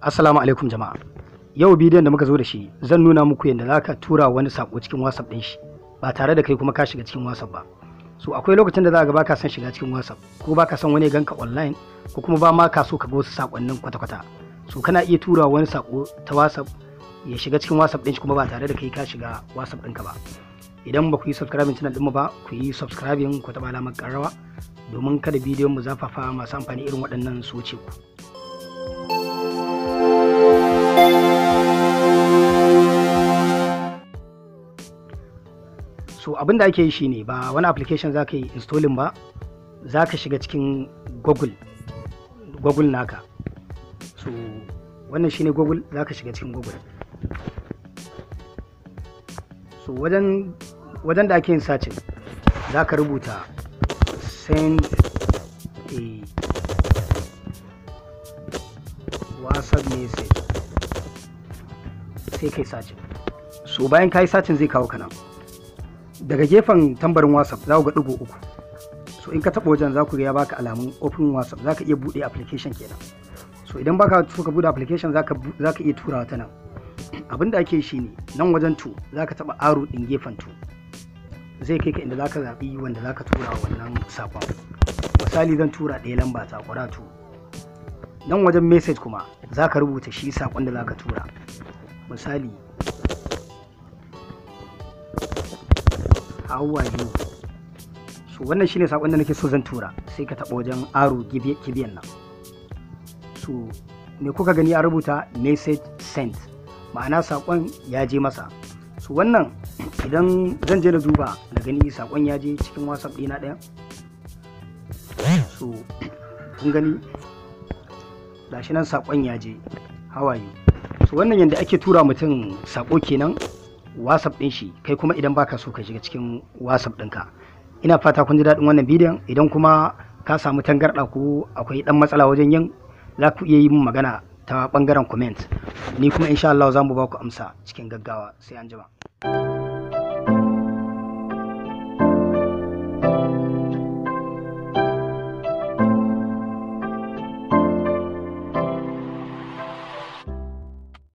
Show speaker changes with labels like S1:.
S1: Assalamu alaikum jama'a. Yau bidiyon da muka zo da shi zan nuna muku yadda za ka tura wani sako cikin WhatsApp ɗin shi ba tare da kai kuma ka shiga cikin WhatsApp ba. So akwai lokacin da za ga baka son shiga cikin WhatsApp ko baka son wani ganka online ko kuma ba ma ka so ka ga wasu sakonnin kwata-kwata. So kana iya tura wani sako ta WhatsApp ya shiga cikin WhatsApp ɗin shi kuma ba tare da kai ka shiga WhatsApp ɗinka ba. Idan ba ku yi subscribing channel ɗinmu ba ku yi subscribing ku taɓa alamar ƙararrawa domin kada bidiyon mu zafafa masu amfani irin waɗannan su wuce ku. so abin da ake yi shine ba wani application za ka yi installing ba za ka shiga cikin google google naka so wannan shine google za ka shiga cikin google so wajen wajen da ake yin sacin za ka rubuta send a whatsapp message sai kai sacin so bayan ka yi sacin zai kawo kanan daga gefen tambarin whatsapp za ku ga ɗigo uku so in ka taɓa wajen za ku ya baka alamun open whatsapp za ka iya buɗe application kenan so idan baka so ka buɗe application za ka iya turawa ta nan abin da ake shi ne nan wajen tu za ka taɓa aro ɗin gefen tu zai kai ka inda za ka zaɓi wanda za ka tura wannan saƙon misali zan tura ɗaya lamba ta ƙwara tu nan wajen message kuma za ka rubuta shi saƙon da za ka tura misali kawo biyu so wannan shine sakon da nake so zan tura sai ka taɓa wajen aro kibiyan nan so me kuka gani a rubuta message sent ma'ana sakon ya je masa so wannan idan zan je na duba na gani sakon ya je cikin whatsapp ɗina ɗaya so kun gani gashi nan sakon ya je hawaye so wannan yadda ake tura mutum sako kenan whatsapp ɗin shi kai kuma idan baka so ka shiga cikin whatsapp ɗinka ina fata kun ji daɗin wannan bidiyon idan kuma ka samu tangarɗa ko akwai ɗan matsala wajen yin za ku iya yi min magana ta bangaren comment ni kuma insha Allah za mu ba ku amsa cikin gaggawa sai an jima.